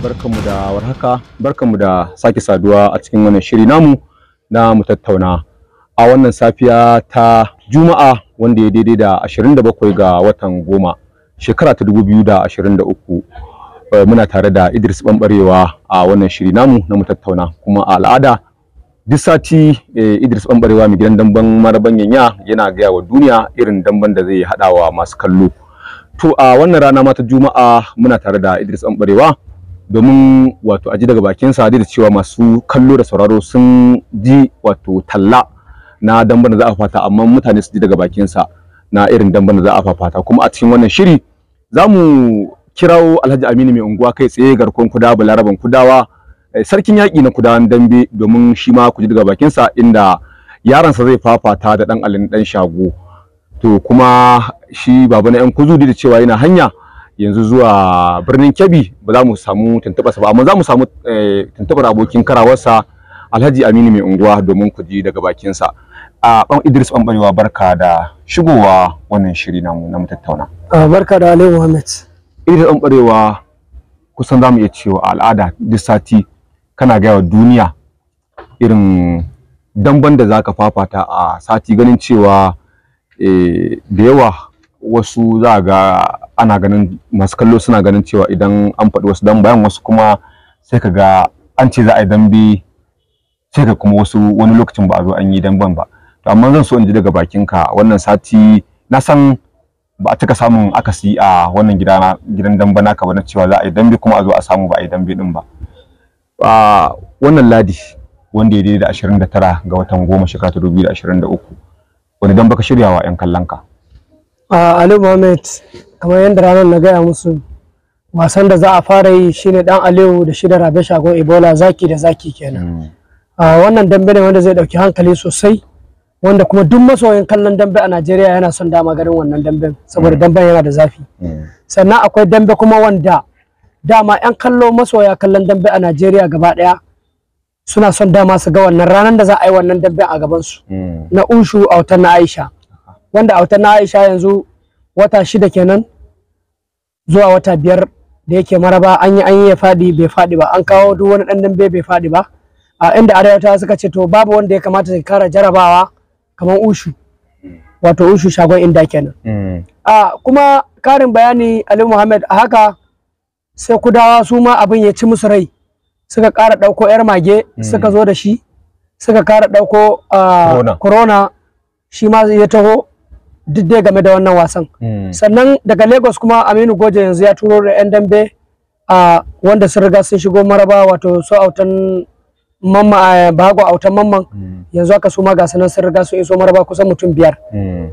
barkanmu da warhaka barkanmu da sake saduwa a cikin wannan shiri namu na mu tattauna a wannan safiya ta juma'a wanda ya daidai da 27 ga watan goma shekara ta 2023 eh, muna tare da idris banbarewa a wannan shiri namu na mu kuma a al'ada duk sati eh, idris banbarewa mai gidan damben maraban yanya yana gaya wa duniya irin damben da zai haɗawa masu kallo to a wannan rana ma ta juma'a muna tare da idris banbarewa. domin wato aji daga bakin sa da cewa masu kallo da sauraro sun ji wato talla na damban da za a fata amma mutane su ji daga bakin sa na irin damban da za a fafata kuma a cikin wannan shiri za mu kirawo Alhaji Aminu mai unguwa kai tsaye garkon kuda balaraban kudawa eh, sarkin yaki na kudawan dambe domin shi ma ku ji daga bakin sa inda yaransa zai fafata da dan alin dan shago to kuma shi baba na yan kuzu da cewa yana hanya yanzu zuwa birnin Kebbi ba za mu samu tuntuɓarsa ba amma za mu samu eh, tuntuɓar abokin karawarsa Alhaji Aminu mai unguwa domin ku ji daga bakin sa. A ban Idris Bambarewa barka da shigowa wannan shiri namu na mu tattauna. Barka da alai Muhammad. Idris Bambarewa kusan za mu iya cewa al'ada duk sati kana gaya wa duniya irin damban da zaka fafata a sati ganin cewa eh, da yawa wasu za ga ana ganin masu kallo suna ganin cewa idan an faɗi wasu dan bayan wasu kuma sai ka ga an ce za a yi dambe sai ka kuma wasu wani lokacin ba a zo an yi damben ba to amma zan so in ji daga bakin ka wannan sati na san ba a cika samun akasi a wannan gida gidan dambe naka ba na cewa za a yi dambe kuma a zo a samu ba a yi dambe din ba wannan ladi wanda ya da 29 ga watan goma shekara ta 2023 wani dan baka shiryawa 'yan kallon ka. Ali Mohammed kamar yadda ranar na gaya musu wasan da za a fara yi shine dan aliyu da shi rabe shagon ebola zaki da zaki kenan mm. wannan dambe ne wanda zai dauki hankali sosai wanda kuma duk masoyin kallon dambe a najeriya yana son dama ganin wannan dambe saboda mm. damben yana da zafi mm. sannan akwai dambe kuma wanda dama yan kallo masoya kallon dambe a najeriya gaba daya suna son dama su ga wannan ranar da za a yi wannan dambe a gabansu na ushu autan na aisha wanda autan na aisha yanzu wata shida kenan zuwa wata biyar da yake maraba an yi ya faɗi bai faɗi ba an kawo duk wani ɗan dambe bai faɗi ba a inda arewata suka ce to babu wanda ya kamata ya kara jarabawa kamar ushu wato ushu shagon inda kenan mm. a kuma karin bayani ali muhammad a haka sai kudawa su ma abin ya ci musu rai suka kara ɗauko yar mage mm. suka zo da shi suka kara ɗauko corona shi ma ya taho duk dai game da wannan wasan hmm. sannan daga lagos kuma aminu goje yanzu ya turo da yan dambe a wanda sun riga sun shigo maraba wato su autan mamma bago autan mamman hmm. yanzu aka su ga sanan sun riga sun iso maraba kusan mutum biyar hmm.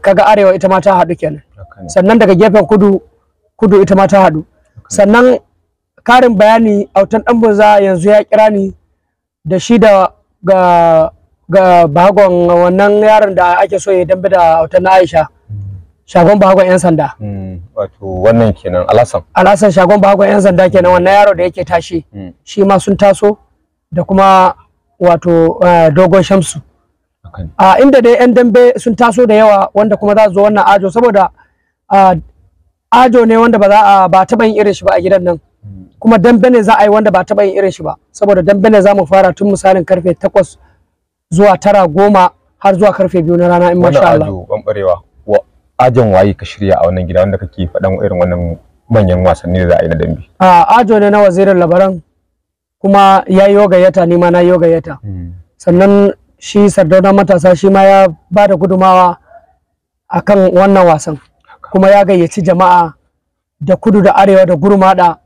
kaga arewa ita ma ta haɗu kenan sannan daga gefen kudu kudu ita ma ta haɗu sannan karin bayani autan dan banza yanzu ya kira ni da shi ga ga bagon wannan yaron da ake so ya dambe da autan Aisha shagon bagon yan sanda hmm, wato wannan kenan alasan alasan shagon bagon yan sanda kenan wannan yaro da yake tashi hmm. shi ma sun taso da kuma wato eh, dogon shamsu a inda dai yan dambe sun taso da yawa wanda kuma za su zo wannan ajo saboda ajo ne wanda ba za a ba taɓa yin irin shi ba a gidan nan hmm. kuma dambe ne za a yi wanda ba taɓa yin irin shi ba saboda dambe ne za mu fara tun misalin karfe takwas zuwa tara goma har zuwa karfe biyu na rana in masha Allah. Wannan ajo bambarewa wa ajon waye ka shirya a wannan gida wanda kake faɗan irin wannan manyan wasanni da za a yi na dambe. A ajo ne na wazirin labaran kuma ya yi gayyata ni ma na yi gayyata. Hmm. Sannan shi sardauna matasa shi ma ya ba da gudumawa akan wannan wasan kuma ya gayyaci jama'a da kudu da arewa da gurmada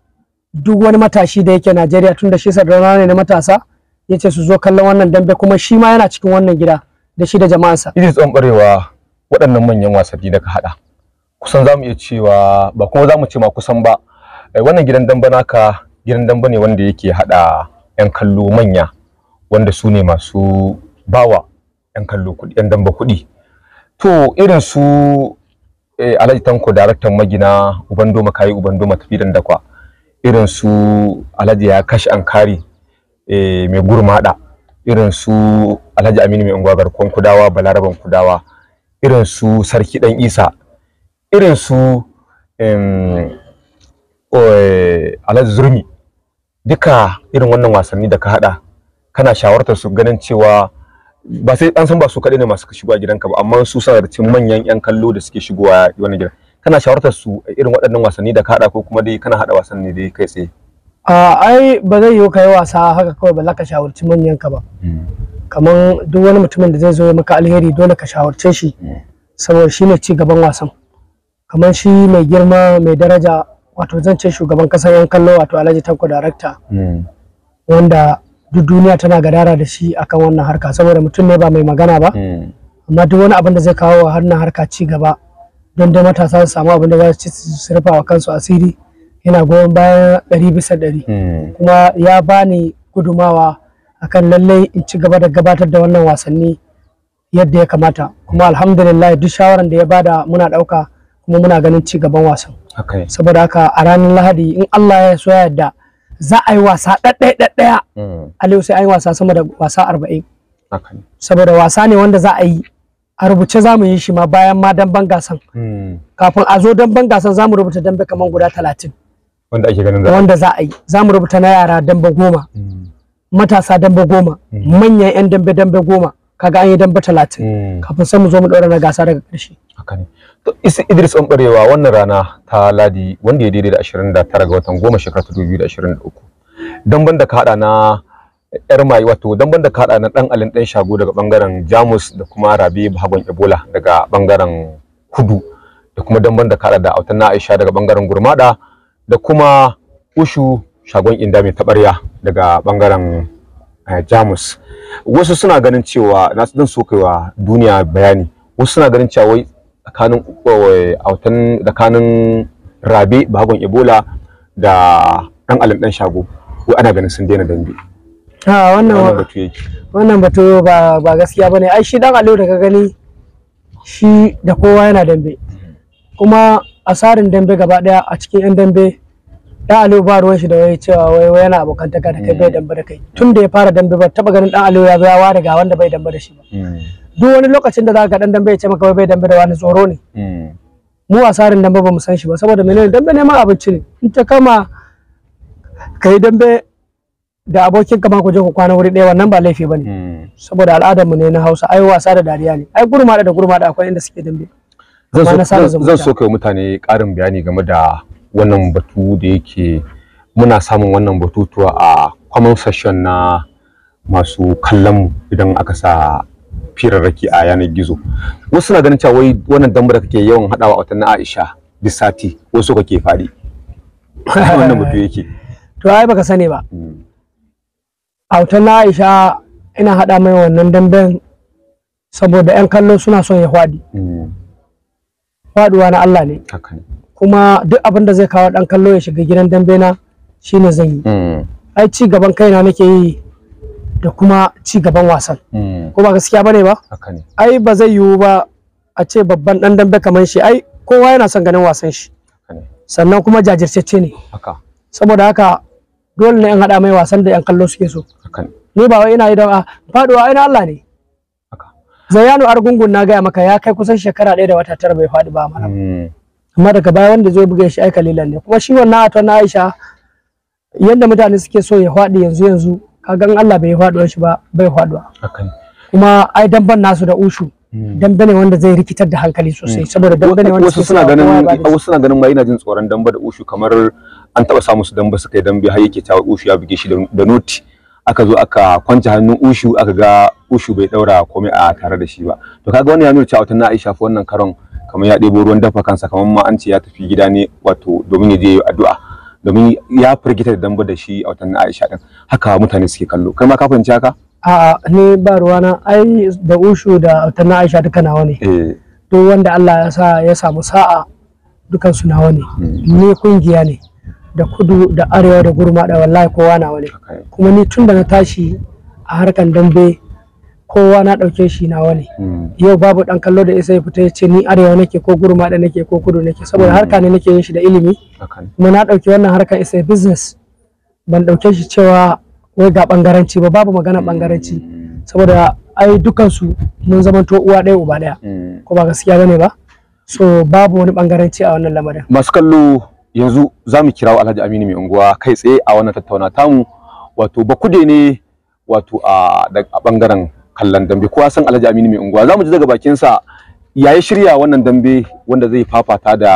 duk wani matashi da yake Najeriya tun da shi sardauna ne na matasa. ya ce su zo kallon wannan dambe kuma shi ma yana cikin wannan gida da shi da jama'ansa. Idris barewa waɗannan manyan wasanni da ka haɗa kusan za mu iya cewa ba kuma za mu ce ma kusan ba eh, wannan gidan damba naka gidan damba ne wanda yake haɗa 'yan kallo manya wanda su ne masu bawa 'yan kallo kuɗi 'yan damba kuɗi to irin su eh, Alhaji Tanko daraktan magina Ubandoma kayi Ubandoma tafi dakwa irin su Alhaji ya kashi Ankari E, mai gurmada irin su alhaji aminu mai unguwa garkon kudawa balaraban kudawa irin su sarki dan isa irin su e, alhaji zurmi duka irin wannan wasanni da ka hada kana shawartar su ganin cewa ba sai an san ba su kaɗai ne masu shigowa gidanka ba amma su sanar da cikin manyan yan kallo da suke shigowa wannan gidan kana shawartar su irin waɗannan wasanni da ka hada ko kuma dai kana hada wasanni dai kai tsaye ai ba zai yiwu kai wasa haka kawai ba za ka shawarci manyan ka ba mm. kamar duk wani mutumin da zai zo ya maka alheri dole ka shawarce shi mm. saboda shi ne ci gaban wasan Kaman shi mai girma mai daraja wato zan ce shugaban kasar yan kallo wato alhaji tanko darakta mm. wanda duk duniya tana gadara da shi akan wannan harka saboda mutum ne ba mai magana ba amma duk wani abin da zai kawo wa harna harka ci gaba don dai matasa su samu abin da za su rufa wa kansu asiri yana goyon bayan ɗari bisa ɗari hmm. kuma ya bani gudumawa akan lallai in ci gaba da gabatar da wannan wasanni yadda ya kamata kuma alhamdulillah duk shawaran da ya bada muna ɗauka kuma muna ganin ci gaban wasan saboda haka a ranar lahadi in Allah ya so yadda za a yi wasa ɗaɗɗaya hmm. Aliyu sai an yi wasa sama da wasa arba'in saboda wasa ne wanda za a yi a rubuce za mu yi shi ma bayan ma damben gasan hmm. kafin a zo damben gasan za mu rubuta dambe kamar guda talatin wanda ake ganin wanda za a yi za mu rubuta na yara dambe goma mm. matasa dambe goma mm. manyan yan dambe dambe goma kaga an yi dambe talatin mm. kafin sai mu zo mu ɗora na gasa daga ƙarshe haka ne to Idris Ɓanɓarewa wannan rana ta Ladi wanda ya daidai da 29 ga watan goma shekara ta 2023 damben da ka haɗa na yar mai wato damban da kada na dan alin dan shago daga bangaren Jamus da kuma Rabi Bahagon Ebola daga bangaren Kudu da kuma damban da kada da autan na Aisha daga bangaren Gurmada da kuma ushu shagon inda mai tabarya daga bangaren eh, jamus wasu suna ganin cewa na su so kaiwa duniya bayani wasu suna ganin cewa wai tsakanin eh, autan tsakanin rabe bagon ebola da dan alim dan shago wai ana ganin sun daina dambe ha ah, wannan batu yake wannan batu ba gaskiya bane ai shi dan alo da ka gani shi da kowa yana dambe kuma asarin dambe gaba daya a cikin yan dambe dan aliyu ba ruwan shi da wai cewa wai wai yana abokantaka da kai bai mm. dambe da kai tun da ya fara dambe ba taba ganin dan aliyu ya zo ya ware ga wanda bai dambe da shi ba mm. duk wani lokacin da za ka dan dambe ya ce maka bai dambe da wani tsoro ne mm. mu asarin dambe ba mu san shi ba saboda menene dambe ne ma abinci ne in ta kama kai dambe da abokin ka ku je ku kwana wuri ɗaya wannan ba laifi bane saboda al'adar mu ne na Hausa ai wasa da dariya ne ai gurma da gurmada akwai inda suke dambe zan so kai mutane ƙarin bayani game da wannan batu da yake muna samun wannan batutuwa a common session na masu kallon mu idan aka sa firarraki a yanar gizo wasu na ganin cewa wannan damar da kake yawan hadawa a na Aisha duk sati wasu kake fadi wannan batu yake to ai baka sani ba hmm. a watan Aisha ina hada mai wannan damben saboda yan kallo suna son ya fadi hmm. faduwa na Allah ne kuma duk abin da zai kawo dan kallo ya shiga gidan dambe na shine zan yi mm. ai ci gaban kaina nake yi da kuma ci gaban wasan mm. Ko ba gaskiya bane ba ai ba zai yiwu ba a ce babban dan dambe kamar shi ai kowa yana son ganin wasan shi sannan kuma jajirtacce ne saboda haka dole ne an haɗa mai wasan da yan kallo suke so ni ba wai ina yi da faduwa ai na Allah ne Zayano Argungun na gaya maka ya kai kusan shekara ɗaya da wata tara bai faɗi ba mana. Hmm. Amma daga baya wanda zai buga shi ai lilan ne. Kuma shi wannan ato na Aisha yanda mutane suke so ya faɗi yanzu yanzu kaga in Allah bai faɗuwa shi ba bai faɗuwa. Kuma ai damban nasu da ushu. Hmm. Dambe ne wanda zai rikitar da hankali sosai hmm. saboda dambe ne wanda wasu suna ganin wasu suna ganin ma ina jin tsoron damba da ushu kamar an taɓa samu su damba suka yi dambe har yake ta ushu ya buge shi da noti. aka zo aka kwance hannun ushu aka ga ushu bai daura komai a tare da shi ba to kaga wannan ya nuna cewa wata Aisha fa wannan karon kamar ya debo ruwan dafa kansa kamar ma an ce ya tafi gida ne wato domin ya je yi addu'a domin ya firgita da damba da shi a watan Aisha din haka mutane suke kallo kai ma ka fahimci haka a ni ba ruwana ai da ushu da watan Aisha duka nawa ne to eh. wanda Allah ya sa ya samu sa'a dukan su nawa ne hmm. ni kungiya ne da kudu da arewa da gurma da wallahi kowa na wani kuma ni tun da na tashi a harkan dambe kowa na ɗauke shi na wani hmm. yau babu ɗan kallo da isa ya fita ya ce ni arewa nake ko gurma da nake ko kudu nake saboda hmm. harka ne nake yin shi da ilimi kuma na ɗauki wannan harkan isa business ban ɗauke shi cewa wai ga bangaranci ba babu magana bangaranci hmm. saboda ai dukansu mun zamanto uwa ɗaya uba ɗaya ko ba gaskiya ne ba so babu wani ɓangaranci a wannan lamarin masu kallo yanzu za mu kirawo Alhaji Aminu mai unguwa kai tsaye a wannan tattauna tamu wato bakude ne wato a bangaren kallon dambe kowa san Alhaji Aminu mai unguwa za mu ji daga bakin sa yayi shirya wannan dambe wanda zai fafata da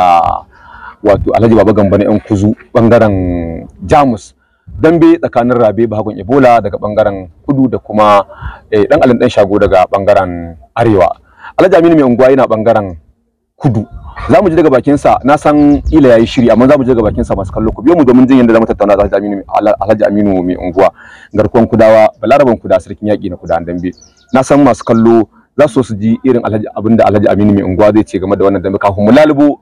wato Alhaji Baba gamba na yan kuzu bangaren Jamus dambe tsakanin Rabe bahagun Ebola daga bangaren kudu da kuma dan eh, alin dan shago daga bangaren arewa Alhaji Aminu mai unguwa yana bangaren kudu za mu ji daga bakin sa. na san ila yayi shiri amma za mu ji daga bakin sa masu kallo ku biyo mu domin jin yadda zamu tattauna da Alhaji Aminu Alhaji Aminu mai unguwa garkon kudawa balaraban kuda sarkin yaki na kudan dambe na san masu kallo za su su ji irin Alhaji abinda Alhaji Aminu mai unguwa zai ce game da wannan dambe kafin mu lalubo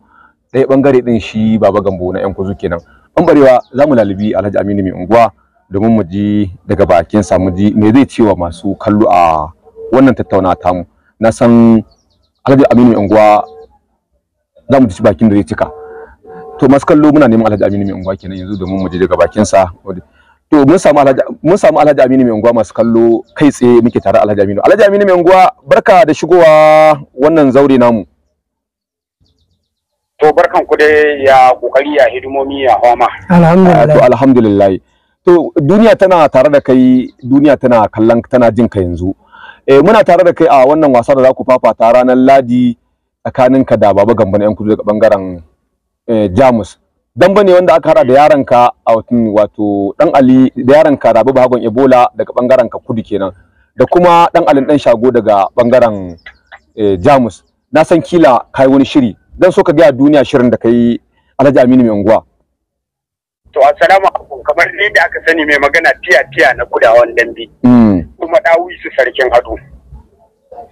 ɗaya bangare din shi baba gambo na yan kuzu kenan an barewa za mu lalubi Alhaji Aminu mai unguwa domin mu ji daga bakin sa, mu ji me zai wa masu kallo a wannan tattauna tamu na san Alhaji Aminu mai unguwa za mu ci bakin da zai cika to masu kallo muna neman alhaji aminu mai unguwa kenan yanzu domin mu je daga bakin sa to mun samu alhaji mun samu alhaji aminu mai unguwa masu kallo kai tsaye muke tare alhaji aminu alhaji aminu mai unguwa barka da shigowa wannan zaure namu to barkan ku dai ya kokari ya hidimomi ya homa alhamdulillah to alhamdulillah to duniya tana tare da kai duniya tana kallon tana jin ka yanzu eh muna tare da kai a wannan wasa da za ku fafata ranar ladi ka da baba gambo na yan kudu daga bangaren eh, jamus dan ne wanda aka hada da yaranka a wato dan ali da yaranka rabu bahagon ebola daga bangaren ka kudu kenan da kuma dan alin dan shago daga bangaren eh, jamus na san kila kai wani shiri dan so ka ga duniya shirin da kai alhaji aminu mai unguwa to assalamu alaikum kamar da aka sani mai magana tiya tiya na kudawan dambe mm. kuma dawo su sarkin hado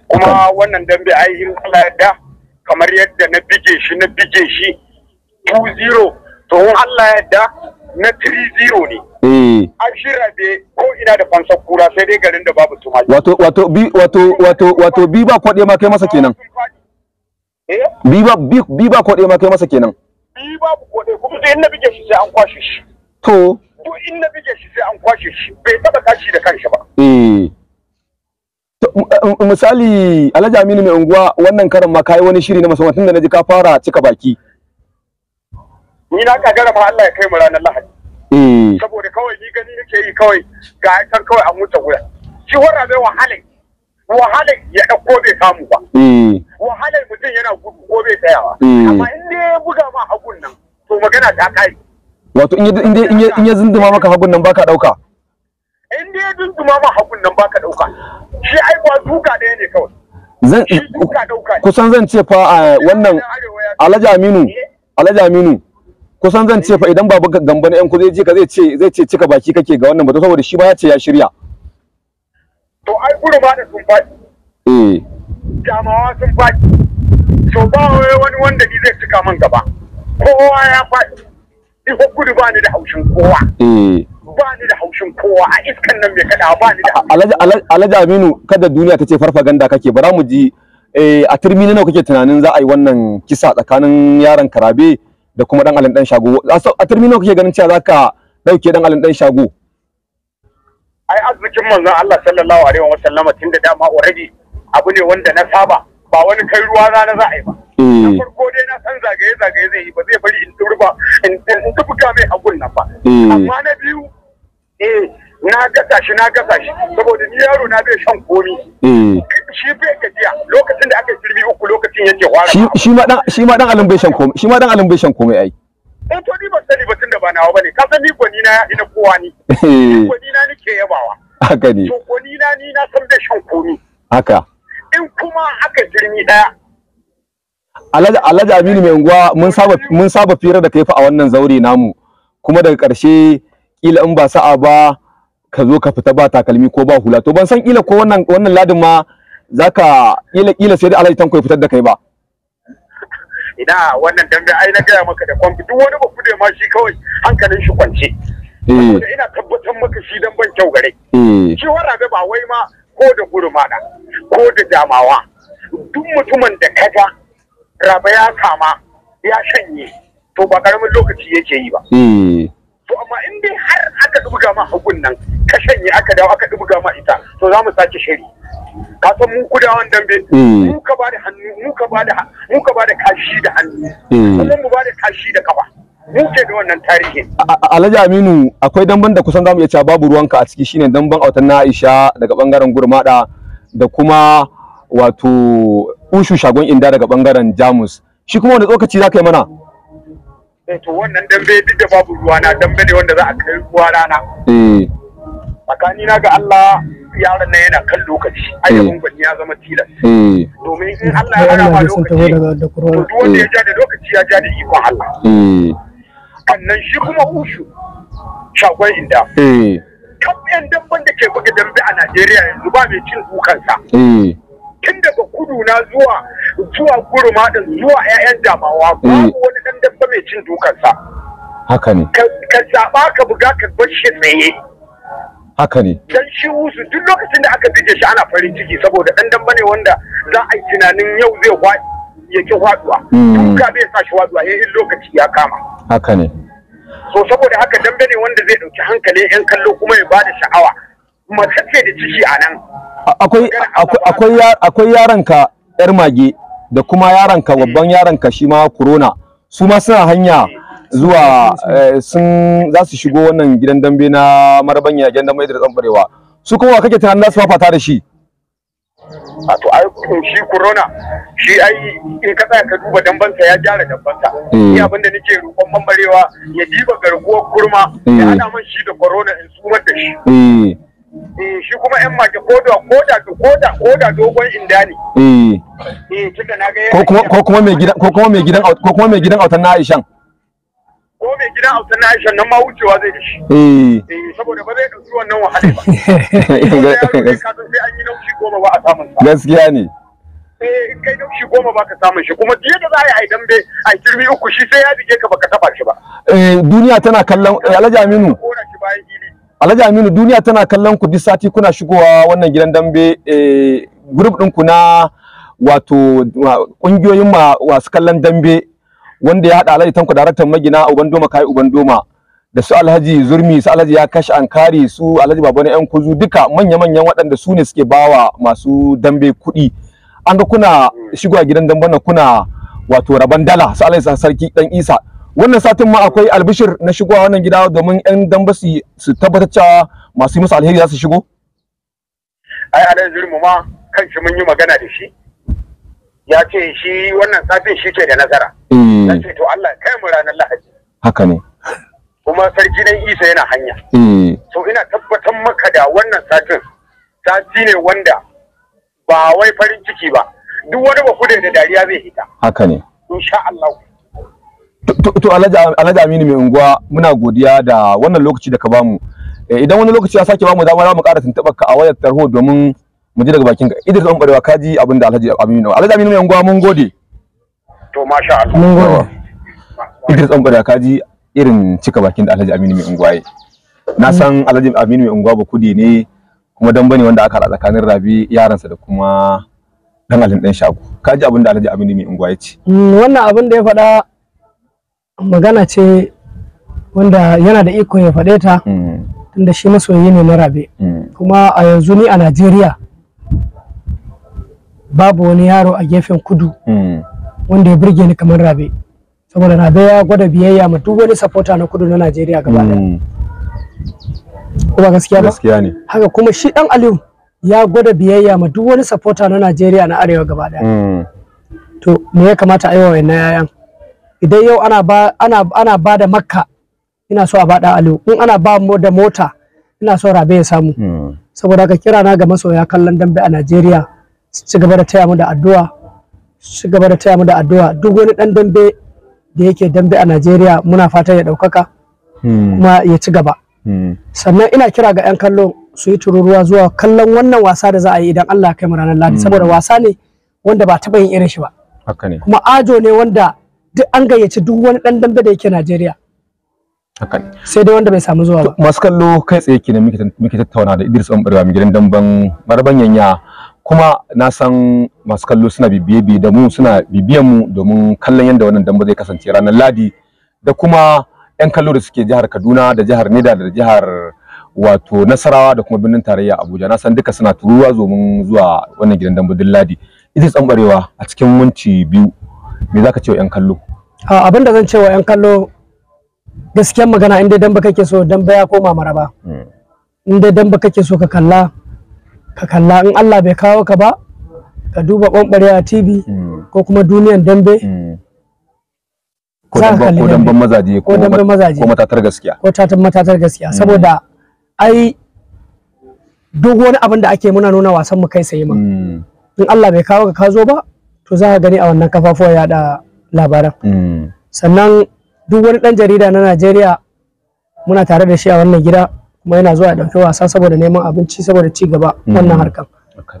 kuma wannan dambe ai in Allah ya kamar yadda na bige shi na bige shi 2-0 to Allah yadda na 3-0 ne eh. a shirya da ko ina da fansar kura sai dai garin da babu tumaji wato wato bi wato wato wato bi ba kwaɗe ma kai masa kenan eh? bi ba bi ba kwaɗe ma kai masa kenan bi ba kwaɗe kuma sai in na bige shi sai an kwashe shi to to in na bige shi sai an kwashe shi bai taba kashi da kanshi ba eh misali alhaji aminu mai unguwa wannan karin ma kayi wani shiri na musamman na ji ka fara cika baki ni na gara ma Allah ya kai mu ranar lahadi eh. saboda kawai ni gani nake yi kawai ga aikar kawai an wuce guda shi wara bai wahalai wahalai ya dauko bai samu ba eh. wahalai mutum yana gudu ko bai tsayawa eh. amma in ya buga ma hagun nan to magana ta kai wato in ya zinduma maka hagun nan baka dauka in dai dunduma ma hakun nan baka dauka shi ai ba duka ɗaya ne kawai zan kusan zan ce fa wannan Alhaji Aminu eh? Alhaji Aminu kusan zan ce fa idan babu gamba na yan zai je zai ce zai ce cika baki kake ga wannan batu saboda shi ba ya ce ya shirya to ai guru ba da sun faɗi eh jamawa sun faɗi to ba wani wanda ni zai cika man gaba kowa ya faɗi ni ko ba ni da haushin kowa eh ba ni da haushin kowa a iskan nan mai kada ba ni da Alhaji Aminu kada duniya ta ce farfaganda kake bara mu ji eh, a turmi nawa kake tunanin za a yi wannan kisa tsakanin yaron Karabe da kuma dan Alan Shago a turmi nawa kake ganin cewa ka dauke dan Alan Shago ai arzikin manzon Allah sallallahu alaihi wa sallama tunda dama already abu ne wanda na saba ba wani kai ruwa na za a yi ba eh. na farko dai na san zagaye zagaye zai yi ba zai bari in turba in tufuka mai hagun nan ba eh. amma na biyu Eh, na gasa shi na gasa shi saboda ni yaro na bai shan komi eh. shi bai gajiya lokacin da aka yi sirbi uku lokacin yake wara shi ma dan shi ma dan alin bai shan komi shi ma dan alin bai shan komi ai eh to ni ba sani ba tunda ba nawa bane ka san ni gwani na ina kowa eh. ni gwani na nake yabawa haka ne to gwani na ni na san bai shan komi haka in kuma aka jirmi daya Alhaji Alhaji Aminu mai unguwa mun saba mun saba fira da kai fa a wannan zauri namu kuma daga ƙarshe kila in ba sa'a ba ka zo ka fita ba takalmi ko ba hula to ban san kila ko wannan wannan ladin ma zaka kila kila sai da Allah ya fitar da kai ba ina wannan dambe ai na gaya maka da kwamfi duk wani bakude ma shi kawai hankalin shi kwance eh. ina tabbatar maka shi dan ban kyau gare eh. shi warabe ba wai ma ko da gudumada, ko da jamawa duk mutumin da kaga raba ya kama ya shanye to ba karamin lokaci yake yi ba eh. to amma in dai har aka dubga ma hagun nan ka shanye aka dawo aka dubga ma ita to za mu sake shiri ka san mu kudawan dambe hmm. mu ka ba da hannu mu ka ba da mu ka ba da kashi da hannu hmm. sannan mu ba da kashi da kafa mu ke da wannan tarihi Alhaji Aminu akwai damban da kusan zamu iya cewa babu ruwanka a ciki shine damban autan na Aisha daga bangaren Gurmada da kuma wato ushu shagon inda daga bangaren Jamus shi kuma wanda tsokaci zaka yi mana Eh, to wannan dambe duk da babu ruwa na dambe ne wanda za a kai ruwa rana eh tsakani na ga Allah yaron na yana kan lokaci ayyukan eh. gwani ya zama tilas eh. domin in Allah ya rama lokaci to wanda ya ja da lokaci ya ja da ikon Allah Annan shi kuma ushu shagon inda kan yan da ke buga dambe a Najeriya yanzu ba mai cin dukansa tun daga kudu na zuwa zuwa gurma din zuwa 'ya'yan jamawa babu mm. wani dan dabba mai cin dukansa haka ne ka zaba ka buga ka bar shi tsaye haka ne dan shi wusu duk lokacin da aka bige shi ana farin ciki saboda dan dabba ne wanda za a yi tunanin yau zai wa ya ki kwaɗuwa mm. duka bai sa shi kwaɗuwa yayin lokaci ya kama haka ne so saboda haka dambe ne wanda zai ɗauki hankalin 'yan kallo kuma ya bada sha'awa mace ce da ciki a nan akwai yaron ka yar mage da kuma yaron ka mm. babban yaron ka shi ma corona su ma suna hanya mm. zuwa eh, sun za su shigo wannan gidan dambe na marabanya gidan dambe da tsambarewa su kuma kake tunanin za su fafata da shi a to ai shi corona shi ai in ka tsaya ka duba dambansa ya gyara dambansa mm. ni abin da nake roƙon mambarewa ya diba garkuwar kurma ya hada man shi da corona in sumar da shi eh shi kuma yan mage koda koda koda koda dogon inda ne eh, eh tunda na ga ko kuma ko kuma mai gidan ko kuma mai gidan ko kuma mai gidan autan na Aishan ko mai gidan autan na Aishan nan ma wucewa zai dashi eh. eh saboda ba zai dauki wannan wahala ba sai an yi naushi goma ba a samun sa gaskiya ne eh, in kai naushi goma baka ka samun shi kuma jiya da za a yi a dambe a kirmi uku shi sai ya bige ka baka taba shi ba eh duniya tana kallon alhaji aminu Alhaji Aminu duniya tana kallon ku duk sati kuna shigowa wannan gidan dambe eh, group ɗinku na wato ƙungiyoyin masu kallon dambe wanda ya haɗa Alhaji Tanko daraktan magina Ubandoma kai Ubandoma da su Alhaji Zurmi su Alhaji ya kashi Ankari su Alhaji Babana yan kuzu duka manya-manyan waɗanda su ne suke bawa masu dambe kuɗi an ga kuna shigowa gidan dambe kuna wato rabon dala su Alhaji Sarki dan Isa wannan satin ma akwai albishir na shigowa wannan gida domin yan damba su tabbatar cewa masu musu alheri za su shigo ai anan zirmu ma kan shi mun yi magana da shi ya ce shi wannan satin shi ke da nazara. na eh. ce to Allah kai mu ranar Lahadi haka ne kuma sarki dan Isa yana hanya so eh. ina tabbatar maka da wannan satin sati ne wanda ba wai farin ciki ba duk wani bakude da dariya zai hita haka ne insha Allah to alhaji aminu mai unguwa muna godiya da wannan lokaci da ka bamu eh, idan wani lokaci ya sake bamu dama za mu ƙara tuntuɓar ka a wayar tarho domin mu ji daga bakin ka ka ɗan ka kaji abin da alhaji aminu alhaji aminu mai unguwa mun gode to masha Allah mun gode idris ɗan ka kaji irin cika bakin da alhaji aminu mai unguwa na mm. san alhaji aminu mai unguwa ba kudi ne kuma dan bane wanda aka haɗa tsakanin rabi yaransa da kuma dan alin dan shago kaji abin da alhaji aminu mai unguwa ya ce mm, wannan abin da ya faɗa magana ce wanda yana da iko ya faɗe ta mm. tunda shi masoyi ne na rabe mm. kuma a yanzu ni a najeriya babu wani yaro a gefen kudu mm. wanda ya burge ni kamar rabe saboda rabe ya gwada biyayya ma duk wani sapota na kudu na najeriya gaba daya kuma gaskiya ba gaskiya ne haka kuma shi dan aliyu ya gwada biyayya ma duk wani sapota na najeriya na arewa gaba da. to me ya kamata a yi wa wayannan yayan idan yau ana ba ana ana ba da makka ina so a bada aliyu in ana ba mu da mota ina so rabe ya samu hmm. saboda ka kira na ga masoya kallon dambe a Najeriya su ci gaba da taya mu da addu'a su ci gaba da taya mu da addu'a duk wani dan dambe da yake dambe a Najeriya muna fata ya daukaka hmm. kuma ya ci gaba hmm. sannan ina kira ga 'yan kallo su yi tururuwa zuwa kallon wannan wasa da za a yi idan Allah ya kai mu ranar Lahadi saboda wasa ne wanda ba taɓa yin irin shi ba kuma ajo ne wanda duk an gayyaci duk wani dan dambe da yake Najeriya sai dai wanda bai samu zuwa ba masu kallo kai tsaye kenan muke tattauna da Idris Ambarwa mai gidan damben Marban Yanya kuma na san masu kallo suna bibiye da mu suna bibiyan mu domin kallon yadda wannan dambe zai kasance ranar Ladi da kuma 'yan kallo da suke jihar Kaduna da jihar Neda da jihar wato Nasarawa da kuma birnin tarayya Abuja na san duka suna turuwa domin zuwa wannan gidan dambe Ladi Idris Ambarewa a cikin minti biyu me zaka ce wa yan kallo a abin da zan ce wa yan kallo gaskiyar magana inda dan baka ke so dan ya koma maraba hmm. inda dan baka ke so ka kalla ka kalla in Allah bai kawo ka ba ka duba bambare a TV hmm. ko kuma duniyan dambe hmm. ko damben mazaje ko damben mazaje ko matatar gaskiya ko tatar matatar gaskiya saboda ai duk wani abin da ake muna nuna wasan mu kai sai ma in Allah bai kawo ka ka zo ba to za ka gani a wannan kafafuwa da labaran mm. sannan duk wani ɗan jarida na najeriya muna tare da shi a wannan gida kuma yana zuwa ya ɗauki wasa saboda neman abinci saboda ci gaba mm. wannan harkan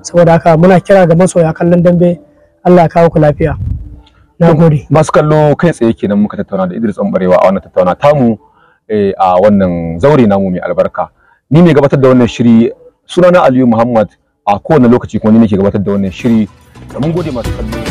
saboda haka muna kira ga masoya kallon dambe allah kawo ku lafiya na gode masu kallo kai tsaye kenan muka tattauna da idris ɓambarewa a wannan tattauna tamu eh, a wannan zaure namu mai albarka ni ne gabatar da wannan shiri sunana aliyu muhammad a kowane lokaci kuma ni ke gabatar da wannan shiri mun gode masu kallo